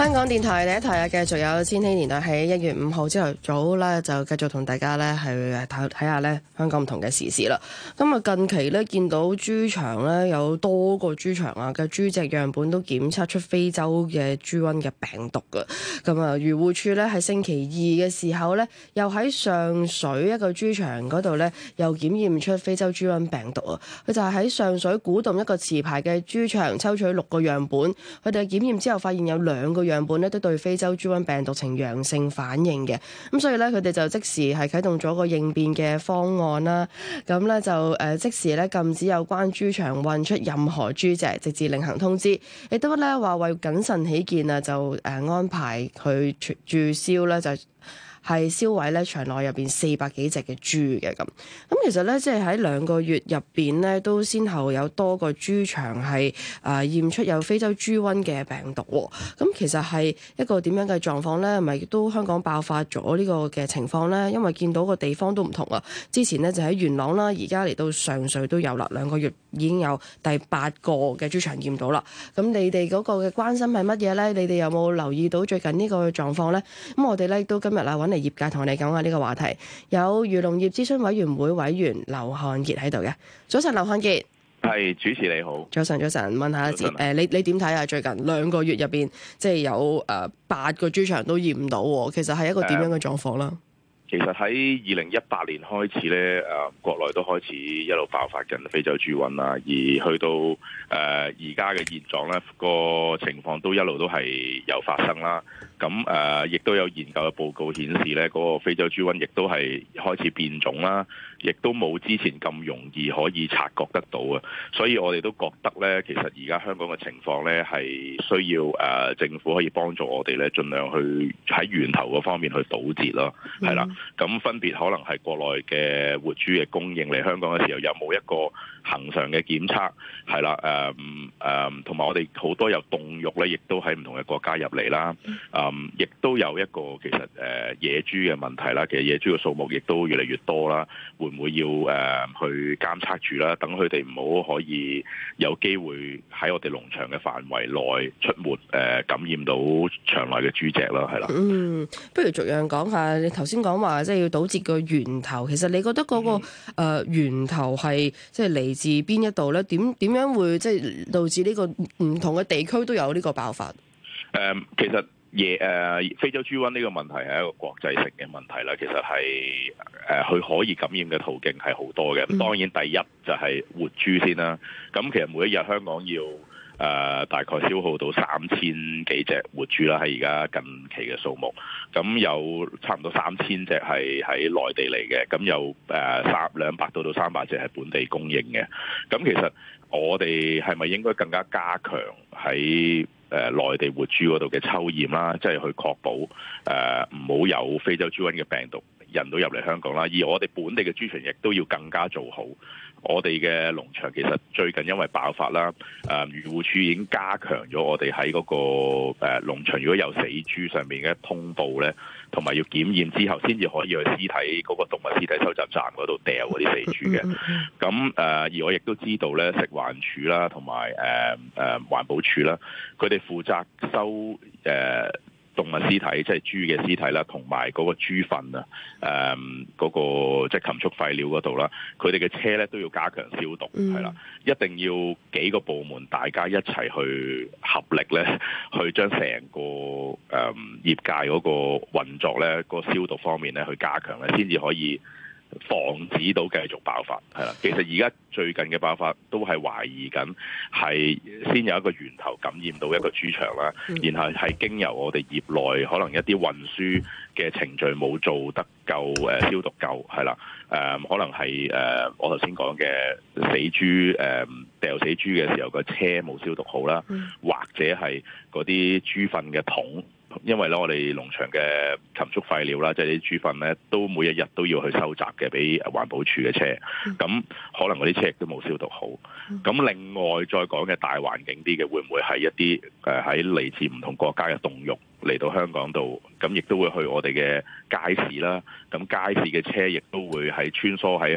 香港電台第一台啊，繼續有千禧年代喺一月五號朝頭早咧，就繼續同大家咧去睇下咧香港唔同嘅時事啦。咁啊，近期咧見到豬場咧，有多個豬場啊嘅豬隻樣本都檢測出非洲嘅豬瘟嘅病毒噶。咁、嗯、啊，漁護署咧係星期二嘅時候咧，又喺上水一個豬場嗰度咧，又檢驗出非洲豬瘟病毒啊。佢就係喺上水古洞一個持牌嘅豬場抽取六個樣本，佢哋檢驗之後發現有兩個。樣本咧都對非洲豬瘟病毒呈陽性反應嘅，咁所以咧佢哋就即時係啟動咗個應變嘅方案啦，咁咧就誒即時咧禁止有關豬場運出任何豬隻，直至另行通知，亦都咧話為謹慎起見啊，就誒安排佢注銷啦就。係銷毀咧場內入邊四百幾隻嘅豬嘅咁，咁其實咧即係喺兩個月入邊咧，都先後有多個豬場係誒、呃、驗出有非洲豬瘟嘅病毒。咁、嗯、其實係一個點樣嘅狀況咧？係咪都香港爆發咗呢個嘅情況咧？因為見到個地方都唔同啊。之前咧就喺元朗啦，而家嚟到上水都有啦。兩個月已經有第八個嘅豬場驗到啦。咁、嗯、你哋嗰個嘅關心係乜嘢咧？你哋有冇留意到最近呢個狀況咧？咁我哋咧亦都今日啊嚟業界同我哋講下呢個話題，有漁農業諮詢委員會委員劉漢傑喺度嘅。早晨，劉漢傑，係主持你好。早晨，早晨，問下先，誒，你你點睇啊？最近兩個月入邊，即係有誒八個豬場都驗唔到，其實係一個點樣嘅狀況啦？Yeah. 其實喺二零一八年開始咧，誒、呃、國內都開始一路爆發緊非洲豬瘟啦，而去到誒而家嘅現狀咧，這個情況都一路都係有發生啦。咁誒，亦、呃、都有研究嘅報告顯示咧，嗰、那個非洲豬瘟亦都係開始變種啦。亦都冇之前咁容易可以察覺得到啊，所以我哋都覺得咧，其實而家香港嘅情況咧，係需要誒、啊、政府可以幫助我哋咧，盡量去喺源頭嗰方面去堵截咯，係啦。咁分別可能係國內嘅活豬嘅供應嚟香港嘅時候，有冇一個恒常嘅檢測，係啦，誒誒同埋我哋好多有凍肉咧，亦都喺唔同嘅國家入嚟啦。嗯，亦都有一個其實誒野豬嘅問題啦，其實野豬嘅數目亦都越嚟越多啦，唔會，會要誒去監測住啦，等佢哋唔好可以有機會喺我哋農場嘅範圍內出沒誒、呃、感染到場內嘅豬隻啦，係啦。嗯，不如逐樣講下。你頭先講話即係要堵截個源頭，其實你覺得嗰、那個誒、嗯呃、源頭係即係嚟自邊一度咧？點點樣，樣會即係導致呢個唔同嘅地區都有呢個爆發？誒、嗯，其實。誒非洲豬瘟呢個問題係一個國際性嘅問題啦，其實係佢、呃、可以感染嘅途徑係好多嘅。咁、嗯、當然第一就係活豬先啦。咁、嗯、其實每一日香港要誒、呃、大概消耗到三千幾隻活豬啦，喺而家近期嘅數目。咁、嗯、有差唔多三千隻、嗯、三千隻係喺內地嚟嘅，咁有誒三兩百到到三百隻係本地供應嘅。咁、嗯、其實我哋係咪應該更加加強喺？誒內、呃、地活豬嗰度嘅抽驗啦，即係去確保誒唔好有非洲豬瘟嘅病毒引到入嚟香港啦，而我哋本地嘅豬場亦都要更加做好。我哋嘅農場其實最近因為爆發啦，誒漁護署已經加強咗我哋喺嗰個誒農、呃、場如果有死豬上面嘅通報咧，同埋要檢驗之後先至可以去屍體嗰、那個動物屍體收集站嗰度掉嗰啲死豬嘅。咁誒、 呃、而我亦都知道咧，食環署啦，同埋誒誒環保署啦，佢哋負責收誒。呃動物屍體即係豬嘅屍體啦，同埋嗰個豬糞啊，誒、嗯、嗰、嗰個即係禽畜廢料嗰度啦，佢哋嘅車咧都要加強消毒，係啦、嗯，一定要幾個部門大家一齊去合力咧，去將成個誒、嗯、業界嗰個運作咧，嗰個消毒方面咧去加強咧，先至可以。防止到繼續爆發係啦，其實而家最近嘅爆發都係懷疑緊係先有一個源頭感染到一個豬場啦，嗯、然後係經由我哋業內可能一啲運輸嘅程序冇做得夠誒、呃、消毒夠係啦，誒、呃、可能係誒、呃、我頭先講嘅死豬誒掉死豬嘅時候個車冇消毒好啦，嗯、或者係嗰啲豬糞嘅桶。因為咧，我哋農場嘅禽畜廢料啦，即係啲豬糞咧，都每一日都要去收集嘅，俾環保處嘅車。咁、嗯、可能嗰啲車亦都冇消毒好。咁、嗯、另外再講嘅大環境啲嘅，會唔會係一啲誒喺嚟自唔同國家嘅凍肉？嚟到香港度，咁亦都會去我哋嘅街市啦。咁街市嘅車亦都會喺穿梭喺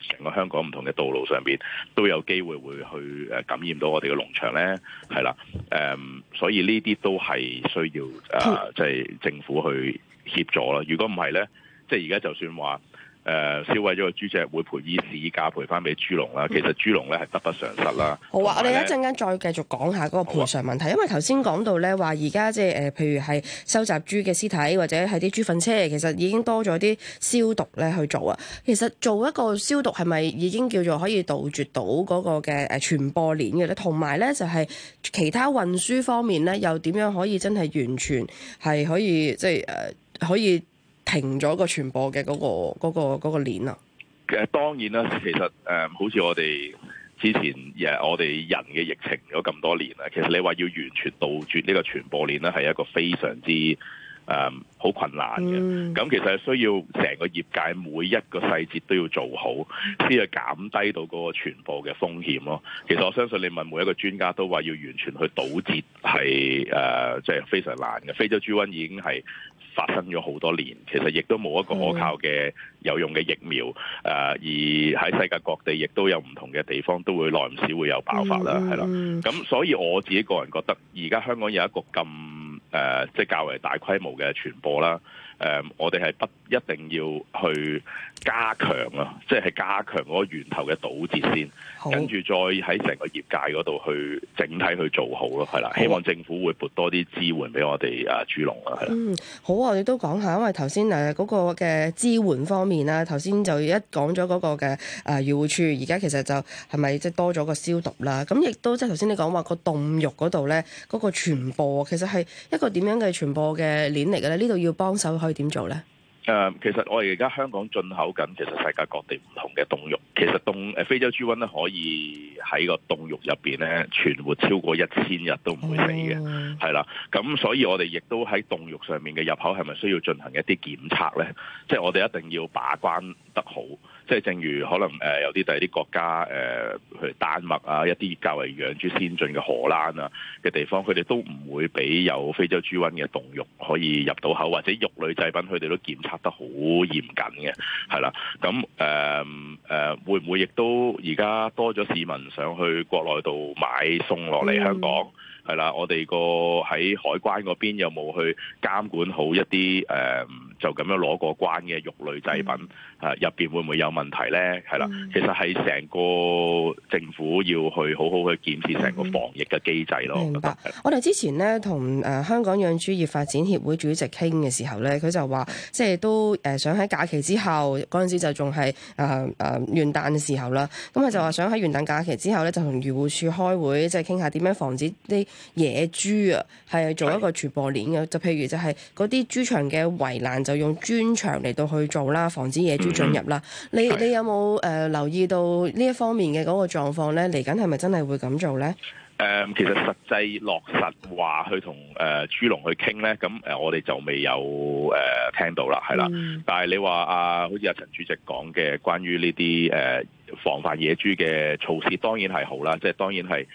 成個香港唔同嘅道路上邊，都有機會會去誒感染到我哋嘅農場咧。係啦，誒、嗯，所以呢啲都係需要誒，即係政府去協助啦。如果唔係咧，即係而家就算話。誒、呃、燒燬咗個豬隻，會賠以市價賠翻俾豬農啦。其實豬農咧係得不償失啦。好啊，我哋一陣間再繼續講下嗰個賠償問題，啊、因為頭先講到咧話，而家即係誒，譬如係收集豬嘅屍體，或者係啲豬糞車，其實已經多咗啲消毒咧去做啊。其實做一個消毒係咪已經叫做可以杜絕到嗰個嘅誒傳播鏈嘅咧？同埋咧就係其他運輸方面咧，又點樣可以真係完全係可以即係誒可以？就是呃可以停咗個傳播嘅嗰、嗰個嗰、嗰個嗰、嗰個鏈啊！當然啦，其實誒、嗯、好似我哋之前誒我哋人嘅疫情咗咁多年啦，其實你話要完全杜絕呢個傳播鏈咧，係一個非常之誒好、嗯、困難嘅。咁、嗯、其實係需要成個業界每一個細節都要做好，先去減低到嗰個傳播嘅風險咯。其實我相信你問每一個專家都話要完全去堵截係誒，即、呃、係、即係、非常難嘅。非洲豬瘟已經係發生咗好多年，其實亦都冇一個可靠嘅有用嘅疫苗，誒的、呃、而喺世界各地亦都有唔同嘅地方都會耐唔時會有爆發啦，係啦的，咁的所以我自己個人覺得而家香港有一個咁誒、呃、即係較為大規模嘅傳播啦。誒，我哋係不一定要去加強咯，即係加強嗰個源頭嘅堵截先，跟住好再喺成個業界嗰度去整體去做好咯，係啦。好希望政府會撥多啲支援俾我哋啊，豬農啊，係啦。嗯，好啊，我哋都講下，因為頭先誒嗰個嘅支援方面啦，頭先就一講咗嗰個嘅啊，漁護署而家其實就係咪即係多咗個消毒啦？咁亦都即係頭先你講話個凍肉嗰度咧，嗰個傳播其實係一個點樣嘅傳播嘅鏈嚟嘅咧？呢度要幫手去。佢點做咧？誒、嗯，其實我哋而家香港進口緊，其實世界各地唔同嘅凍肉，其實凍誒非洲豬瘟咧可以喺個凍肉入邊咧存活超過一千日都唔會死嘅，係啦、嗯。咁所以我哋亦都喺凍肉上面嘅入口係咪需要進行一啲檢測咧？即、就、係、是、我哋一定要把關。好，即係正如可能誒，有啲第啲國家誒、呃，譬如丹麥啊，一啲較為養豬先進嘅荷蘭啊嘅地方，佢哋都唔會俾有非洲豬瘟嘅凍肉可以入到口，或者肉類製品，佢哋都檢測得好嚴謹嘅，係啦。咁誒誒，會唔會亦都而家多咗市民上去國內度買餸落嚟香港？係啦、嗯，我哋個喺海關嗰邊有冇去監管好一啲誒？呃就咁樣攞過關嘅肉類製品，嚇入邊會唔會有問題咧？係啦，其實係成個政府要去好好去檢視成個防疫嘅機制咯。明白。的我哋之前咧同誒香港養豬業發展協會主席傾嘅時候咧，佢就話，即係都誒想喺假期之後嗰陣時就仲係誒誒元旦嘅時候啦。咁佢就話想喺元旦假期之後咧，就同漁護署開會，即係傾下點樣防止啲野豬啊，係做一個傳播鏈嘅。的就譬如就係嗰啲豬場嘅圍欄。就用磚牆嚟到去做啦，防止野豬進入啦、嗯。你你有冇誒、呃、留意到呢一方面嘅嗰個狀況咧？嚟緊係咪真係會咁做咧？誒、嗯，其實實際落實話去同誒豬農去傾咧，咁誒我哋就未有誒、呃、聽到啦，係啦、嗯。但係你話啊，好似阿陳主席講嘅，關於呢啲誒防範野豬嘅措施，當然係好啦，即、就、係、是、當然係。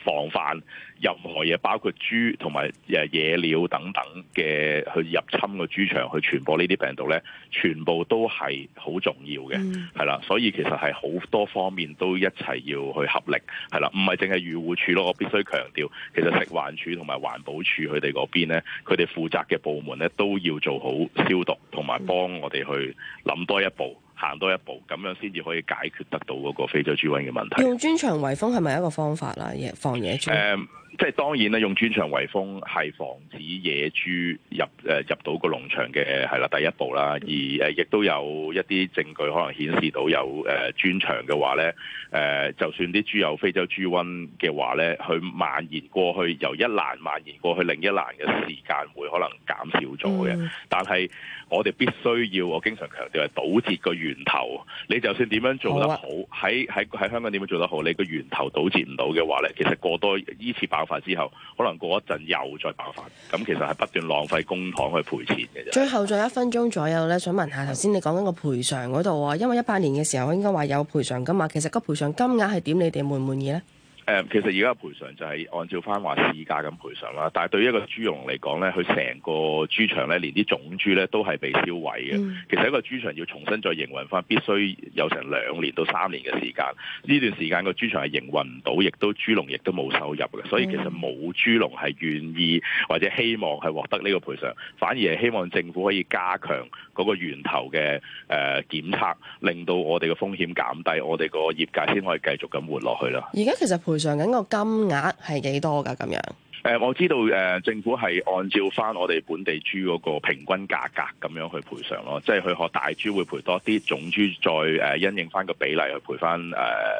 防範任何嘢，包括豬同埋野鳥等等嘅去入侵個豬場，去傳播呢啲病毒咧，全部都係好重要嘅，係啦、mm。所以其實係好多方面都一齊要去合力，係啦，唔係淨係漁護署咯。我必須強調，其實食環署同埋環保署佢哋嗰邊咧，佢哋負責嘅部門咧都要做好消毒，同埋幫我哋去諗多一步。行多一步，咁樣先至可以解決得到嗰個非洲豬瘟嘅問題。用磚牆圍封係咪一個方法啦？防野豬。嗯即係當然咧，用專場圍封係防止野豬入誒、呃、入到個農場嘅，係啦第一步啦，而誒、呃、亦都有一啲證據可能顯示到有誒專、呃、場嘅話咧，誒、呃、就算啲豬有非洲豬瘟嘅話咧，佢蔓延過去由一欄蔓延過去另一欄嘅時間會可能減少咗嘅。嗯、但係我哋必須要我經常強調係堵截個源頭，你就算點樣做得好，喺喺喺香港點樣做得好，你個源頭堵截唔到嘅話咧，其實過多依次爆發之後，可能過一陣又再爆發，咁其實係不斷浪費公帑去賠錢嘅。最後仲有一分鐘左右呢，想問下，頭先你講緊個賠償嗰度啊，因為一八年嘅時候應該話有賠償噶嘛，其實個賠償金額係點？你哋滿唔滿意呢？誒，其實而家賠償就係按照翻話市價咁賠償啦。但係對於一個豬農嚟講咧，佢成個豬場咧，連啲種豬咧都係被燒毀嘅。嗯、其實一個豬場要重新再營運翻，必須有成兩年到三年嘅時間。呢段時間個豬場係營運唔到，亦都豬農亦都冇收入嘅。所以其實冇豬農係願意或者希望係獲得呢個賠償，反而係希望政府可以加強嗰個源頭嘅誒、呃、檢測，令到我哋嘅風險減低，我哋個業界先可以繼續咁活落去啦。而家其實賠償緊個金額係幾多噶？咁樣？誒，我知道誒、呃，政府係按照翻我哋本地豬嗰個平均價格咁樣去賠償咯，即係去學大豬會賠多啲，種豬再誒、呃、因應翻個比例去賠翻誒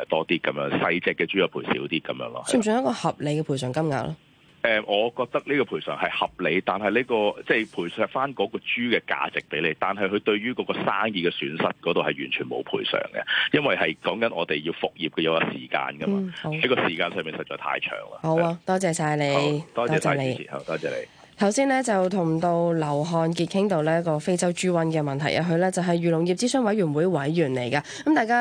多啲咁樣，細隻嘅豬又賠少啲咁樣咯。算唔算一個合理嘅賠償金額咧？誒、嗯，我覺得呢個賠償係合理，但係呢、這個即係、就是、賠償翻嗰個豬嘅價值俾你，但係佢對於嗰個生意嘅損失嗰度係完全冇賠償嘅，因為係講緊我哋要復業嘅有個時間噶嘛，呢、嗯、個時間上面實在太長啦。好啊，多謝晒你，多謝晒你，多謝你。頭先呢就同到劉漢傑傾到呢個非洲豬瘟嘅問題入去呢就係、是、漁農業諮詢委員會委員嚟㗎，咁大家。